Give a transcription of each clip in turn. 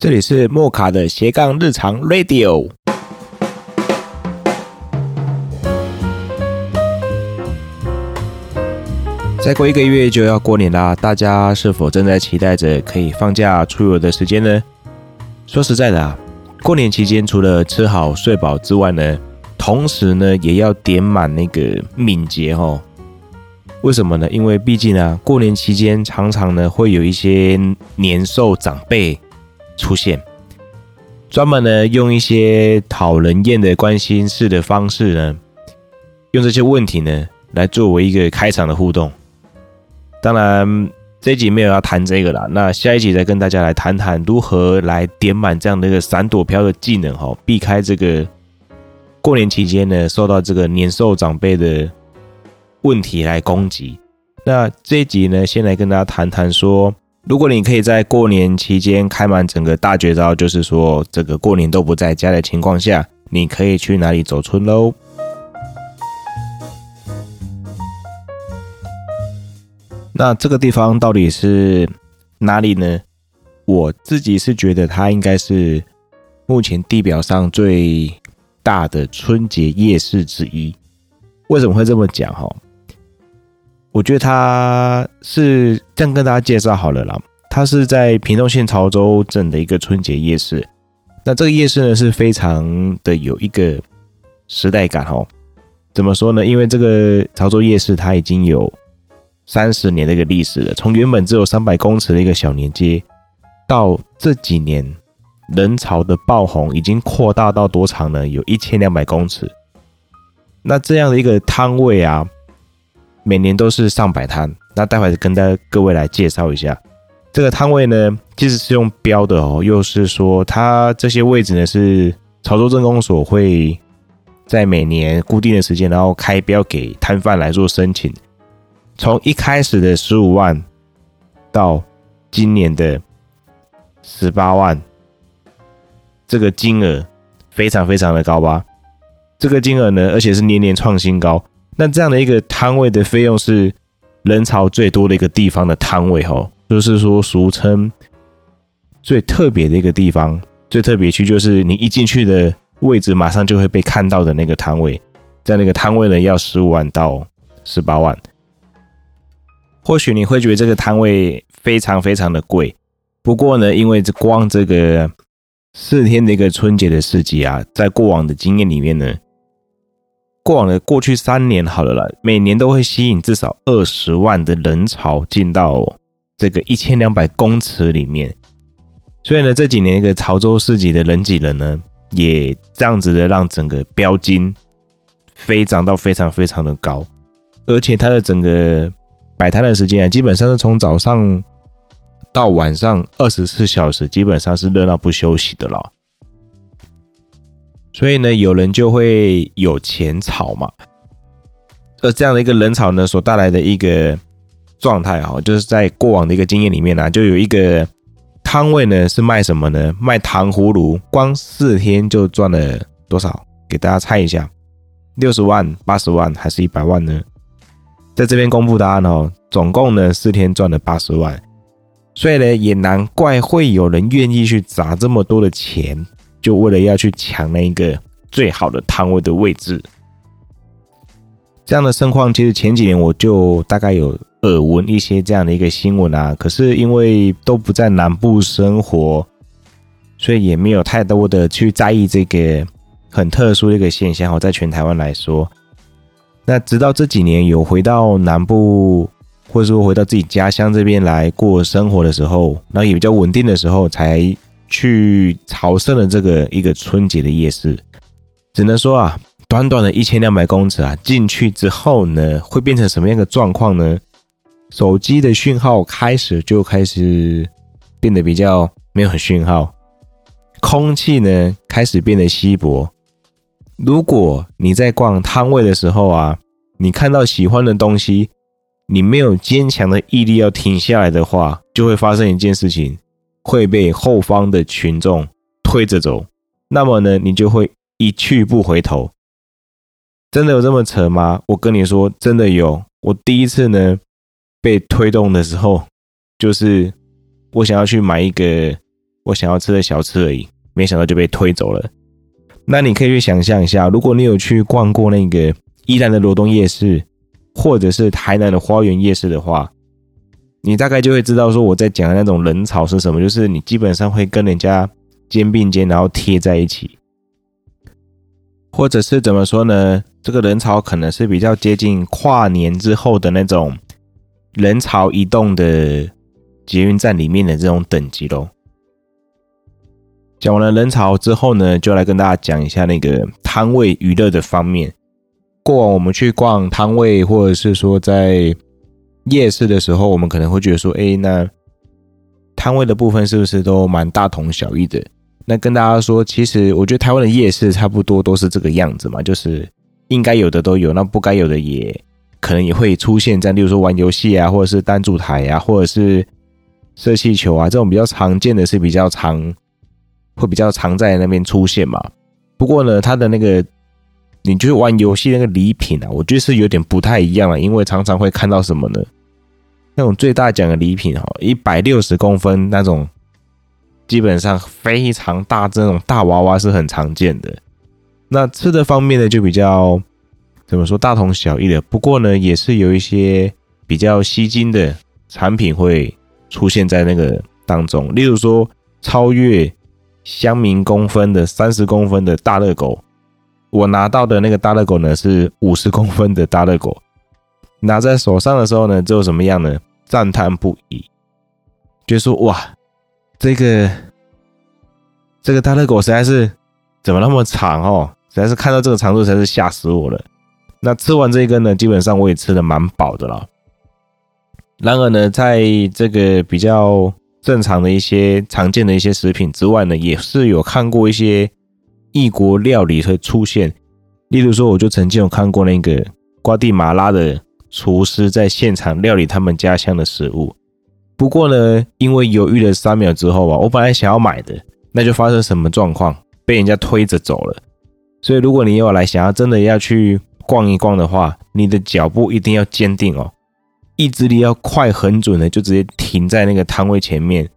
這裡是莫卡的斜槓日常 Radio。再過一個月就要過年啦，大家是否正在期待着可以放假出遊的時間呢？說實在的啊，過年期間除了吃好睡飽之外呢，同時呢也要點滿那個敏捷吼。為什麼呢？因為畢竟啊，過年期間常常呢會有一些年獸長輩。出現，專門呢用一些討人厭的關心事的方式呢，用這些問題呢來作為一個開場的互動。當然這一集沒有要談這個啦，那下一集再跟大家來談談如何來點滿這樣的一個閃躲飄的技能哈，避開這個過年期間呢受到這個年獸長輩的問題來攻擊。那這一集呢先來跟大家談談說。如果你可以在過年期間開滿整個大絕招，就是說這個過年都不在家的情況下，你可以去哪裡走春嘍？那這個地方到底是哪裡呢？我自己是覺得它應該是目前地表上最大的春節夜市之一。為什麼會這麼講哈？我覺得他是這樣跟大家介紹好了啦，他是在屏東縣潮州鎮的一個春節夜市。那這個夜市呢，是非常的有一個時代感哦，怎麼說呢？因為這個潮州夜市它已經有三十年的一個歷史了，從原本只有三百公尺的一個小年街，到這幾年人潮的爆紅，已經擴大到多長呢？有一千兩百公尺。那這樣的一個攤位啊。每年都是上百攤，那待會跟大家各位來介紹一下這個攤位呢，其實是用標的哦，又是說它這些位置呢是潮州鎮公所會在每年固定的時間，然後開標給攤販來做申請。從一開始的十五萬到今年的十八萬，這個金額非常非常的高吧？這個金額呢，而且是年年創新高。那這樣的一個攤位的費用，是人潮最多的一個地方的攤位，哈，就是說俗稱最特別的一個地方，最特別區就是你一進去的位置，馬上就會被看到的那個攤位，在那個攤位呢，要十五萬到十八萬。或許你會覺得這個攤位非常非常的貴，不過呢，因為這光這個四天的一個春節的市集啊，在過往的經驗裡面呢。過往的過去三年好了啦，每年都會吸引至少二十萬的人潮進到這個一千兩百公尺裡面。所以呢，這幾年一個潮州市集的人擠人呢，也這樣子的讓整個標金飛漲到非常非常的高，而且它的整個擺攤的時間啊，基本上是從早上到晚上二十四小時，基本上是熱鬧不休息的啦。所以呢，有人就會有錢潮嘛。而這樣的一個人潮呢，所帶來的一個狀態哈，就是在過往的一個經驗裡面呢、啊，就有一個攤位呢是賣什麼呢？賣糖葫蘆，光四天就賺了多少？給大家猜一下，六十萬、八十萬，還是一百萬呢？在這邊公布答案哦，總共呢四天賺了八十萬。所以呢，也難怪會有人願意去砸這麼多的錢。就為了要去搶那一個最好的攤位的位置，這樣的盛況，其實前幾年我就大概有耳聞一些這樣的一個新聞啊。可是因為都不在南部生活，所以也沒有太多的去在意這個很特殊的一個現象。我在全台灣來說，那直到這幾年有回到南部，或者說回到自己家鄉這邊來過生活的時候，然後也比較穩定的時候，才。去潮州的這個一個春節的夜市，只能說啊，短短的一千兩百公尺啊，進去之後呢，會變成什麼樣的狀況呢？手機的訊號開始就開始變得比較沒有訊號，空氣呢開始變得稀薄。如果你在逛攤位的時候啊，你看到喜歡的東西，你沒有堅強的毅力要停下來的話，就會發生一件事情。會被後方的群眾推着走，那麼呢，你就會一去不回頭。真的有這麼扯嗎？我跟你說，真的有。我第一次呢，被推動的時候，就是我想要去買一個我想要吃的小吃而已，沒想到就被推走了。那你可以去想象一下，如果你有去逛過那個宜蘭的羅東夜市，或者是台南的花園夜市的話。你大概就會知道，說我在講的那種人潮是什麼，就是你基本上會跟人家肩並肩，然後貼在一起，或者是怎麼說呢？這個人潮可能是比較接近跨年之後的那種人潮移動的捷運站裡面的這種等級咯。講完了人潮之後呢，就來跟大家講一下那個攤位娛樂的方面。過往我們去逛攤位，或者是說在夜市的時候，我們可能會覺得說，哎、欸，那攤位的部分是不是都蠻大同小異的？那跟大家說，其實我覺得台灣的夜市差不多都是這個樣子嘛，就是應該有的都有，那不該有的也可能也會出現，像例如說玩遊戲啊，或者是彈珠臺啊，或者是射氣球啊這種比較常見的是比較常會比較常在那邊出現嘛。不過呢，它的那個。你就是玩遊戲那個禮品啊，我覺得是有點不太一樣了，因為常常會看到什麼呢？那種最大獎的禮品哦，一百六十公分那種，基本上非常大，這種大娃娃是很常見的。那吃的方面呢，就比較怎麼說大同小異的，不過呢，也是有一些比較吸睛的產品會出現在那個當中，例如說超越鄉民公分的三十公分的大熱狗。我拿到的那個大熱狗呢是五十公分的大熱狗，拿在手上的時候呢，就怎麼樣呢？讚嘆不已，就是說，哇，這個這個大熱狗實在是怎麼那麼長哦！實在是看到這個長度，才是嚇死我了。那吃完這一根呢，基本上我也吃得的蠻飽的了。然而呢，在這個比較正常的一些常見的一些食品之外呢，也是有看過一些。異國料理會出現，例如說，我就曾經有看過那個瓜地馬拉的廚師在現場料理他們家鄉的食物。不過呢，因為猶豫了三秒之後啊，我本來想要買的，那就發生什麼狀況，被人家推着走了。所以，如果你要來想要真的要去逛一逛的話，你的腳步一定要堅定哦，意志力要快很準的，就直接停在那個攤位前面，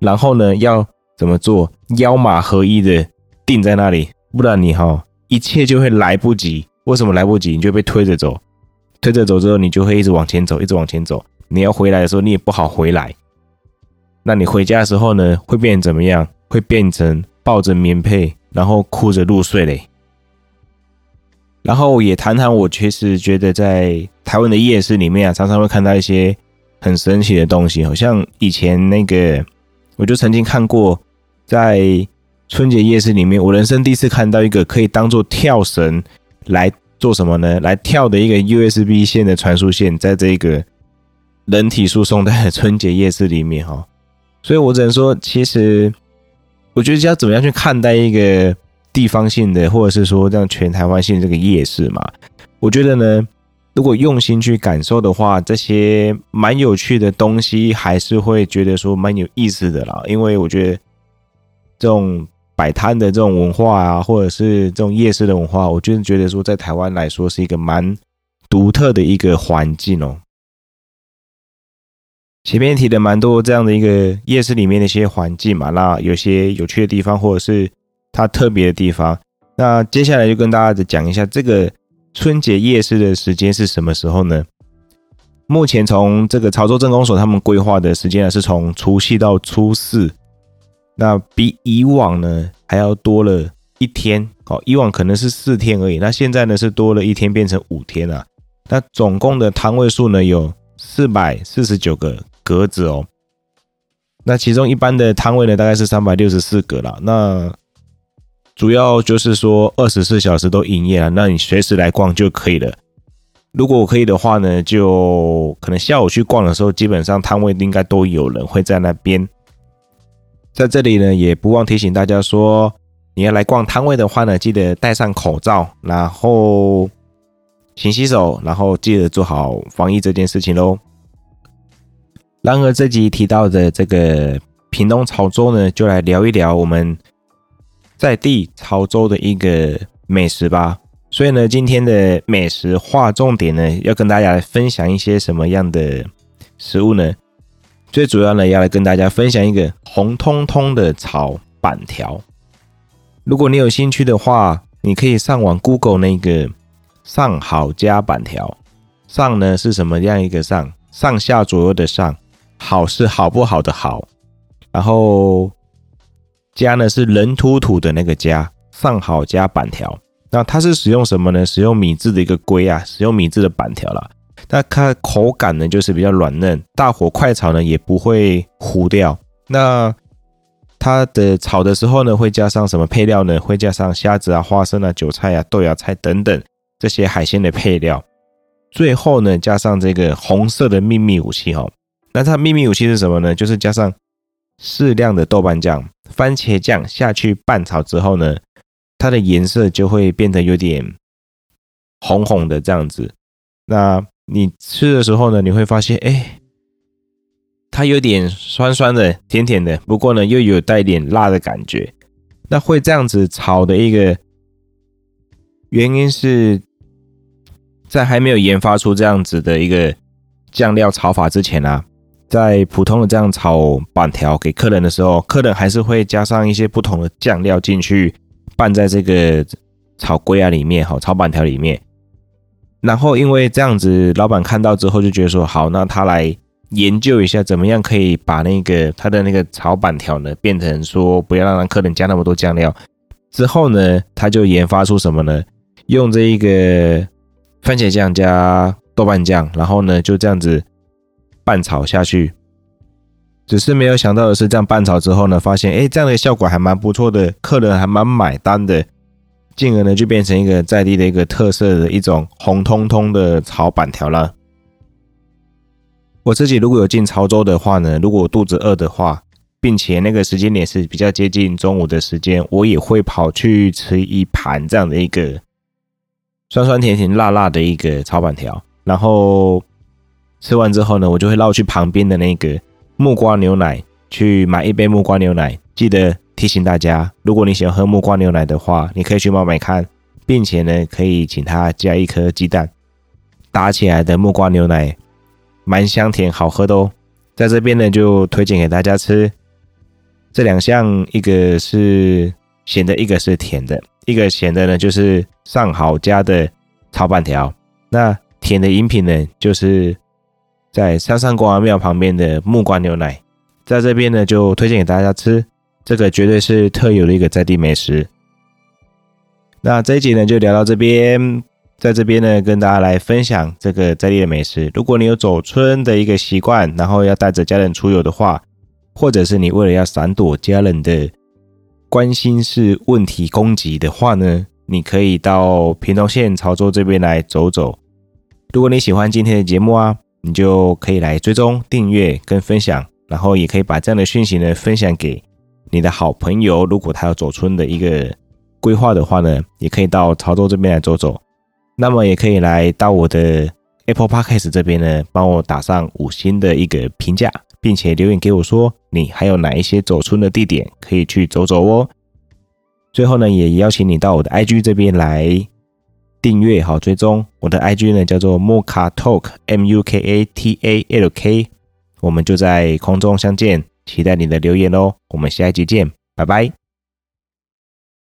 然後呢，要怎麼做？腰馬合一的。定在那裡，不然你齁，一切就會來不及。為什麼來不及？你就被推着走，推着走之後，你就會一直往前走，一直往前走。你要回來的時候，你也不好回來。那你回家的時候呢？會變成怎麼樣？會變成抱着棉被，然後哭着入睡嘞。然後也談談，我確實覺得在台灣的夜市裡面啊，常常會看到一些很神奇的東西，好像以前那個，我就曾經看過在。春節夜市裡面，我人生第一次看到一個可以當做跳繩來做什麼呢？來跳的一個 USB 線的傳輸線，在這個人體輸送帶的春節夜市裡面哈，所以我只能說，其實我覺得要怎麼樣去看待一個地方性的，或者是說讓全台灣性的這個夜市嘛？我覺得呢，如果用心去感受的話，這些蠻有趣的東西，還是會覺得說蠻有意思的啦。因為我覺得這種。擺攤的這種文化啊，或者是這種夜市的文化，我就是覺得說，在台灣來說是一個蠻獨特的一個環境哦、喔。前面提的蠻多這樣的一個夜市裡面的一些環境嘛，那有些有趣的地方，或者是它特別的地方。那接下來就跟大家講一下，這個春節夜市的時間是什麼時候呢？目前從這個潮州鎮公所他們規劃的時間呢，是從除夕到初四。那比以往呢還要多了一天哦，以往可能是四天而已，那現在呢是多了一天變成五天了。那總共的攤位數呢有四百四十九個格子哦。那其中一般的攤位呢大概是三百六十四格了。那主要就是說二十四小時都營業了，那你隨時來逛就可以了。如果可以的話呢，就可能下午去逛的時候，基本上攤位應該都有人會在那邊。在這裡呢，也不忘提醒大家說，你要來逛攤位的話呢，記得戴上口罩，然後勤洗手，然後記得做好防疫這件事情嘍。然而這集提到的這個屏東潮州呢，就來聊一聊我們在地潮州的一個美食吧。所以呢，今天的美食劃重點呢，要跟大家來分享一些什麼樣的食物呢？最主要呢，要來跟大家分享一個紅彤彤的炒板條。如果你有興趣的話，你可以上網 Google 那個“上好佳板條”。上呢是什麼樣一個上？上下左右的上。好是好不好的好。然後佳呢是人土土的那個佳，上好佳板條。那它是使用什麼呢？使用米製的一個規啊，使用米製的板條啦。那它口感呢，就是比較軟嫩，大火快炒呢也不會糊掉。那它的炒的時候呢，會加上什麼配料呢？會加上蝦子啊、花生啊、韭菜啊、豆芽菜等等這些海鮮的配料。最後呢，加上這個紅色的秘密武器哦。那它秘密武器是什麼呢？就是加上適量的豆瓣醬、番茄醬下去拌炒之後呢，它的顏色就會變得有點紅紅的這樣子。那你吃的時候呢，你會發現，哎、欸，它有點酸酸的、甜甜的，不過呢，又有帶點辣的感覺。那會這樣子炒的一個原因是，在還沒有研發出這樣子的一個醬料炒法之前啊，在普通的這樣炒板條給客人的時候，客人還是會加上一些不同的醬料進去拌在這個炒龜啊裡面，哈，炒板條裡面。然後因為這樣子，老闆看到之後就覺得說好，那他來研究一下怎麼樣可以把那個他的那個炒板條呢變成說不要讓客人加那麼多醬料。之後呢，他就研發出什麼呢？用這一個番茄醬加豆瓣醬，然後呢就這樣子拌炒下去。只是沒有想到的是，這樣拌炒之後呢，發現哎這樣的效果還蠻不錯的，客人還蠻買單的。進而呢，就變成一個在地的一個特色的一種紅彤彤的炒板條啦。我自己如果有進潮州的話呢，如果肚子餓的話，並且那個時間點是比較接近中午的時間，我也會跑去吃一盤這樣的一個酸酸甜甜辣辣的一個炒板條。然後吃完之後呢，我就會繞去旁邊的那個木瓜牛奶去買一杯木瓜牛奶，記得。提醒大家，如果你喜歡喝木瓜牛奶的話，你可以去買買看，並且呢，可以請他加一顆雞蛋，打起來的木瓜牛奶蠻香甜，好喝的哦。在這邊呢，就推薦給大家吃這兩項，一個是鹹的，一個是甜的。一個鹹的呢，就是上好佳的炒板條；那甜的飲品呢，就是在三山國王廟旁邊的木瓜牛奶。在這邊呢，就推薦給大家吃。這個絕對是特有的一個在地美食。那這一集呢，就聊到這邊。在這邊呢，跟大家來分享這個在地的美食。如果你有走春的一個習慣，然後要帶着家人出遊的話，或者是你為了要閃躲家人的關心式問題攻擊的話呢，你可以到屏東縣潮州這邊來走走。如果你喜歡今天的節目啊，你就可以來追蹤、訂閱跟分享，然後也可以把這樣的訊息呢分享給。你的好朋友，如果他有走春的一個規劃的話呢，也可以到潮州這邊來走走。那麼也可以來到我的 Apple Podcast 這邊呢，幫我打上五星的一個評價，並且留言給我說你還有哪一些走春的地點可以去走走哦。最後呢，也邀請你到我的 IG 這邊來訂閱好追蹤我的 IG 呢，叫做 Muka Talk M U K A T A L K，我們就在空中相見。期待你的留言哦！我們下一集見，拜拜。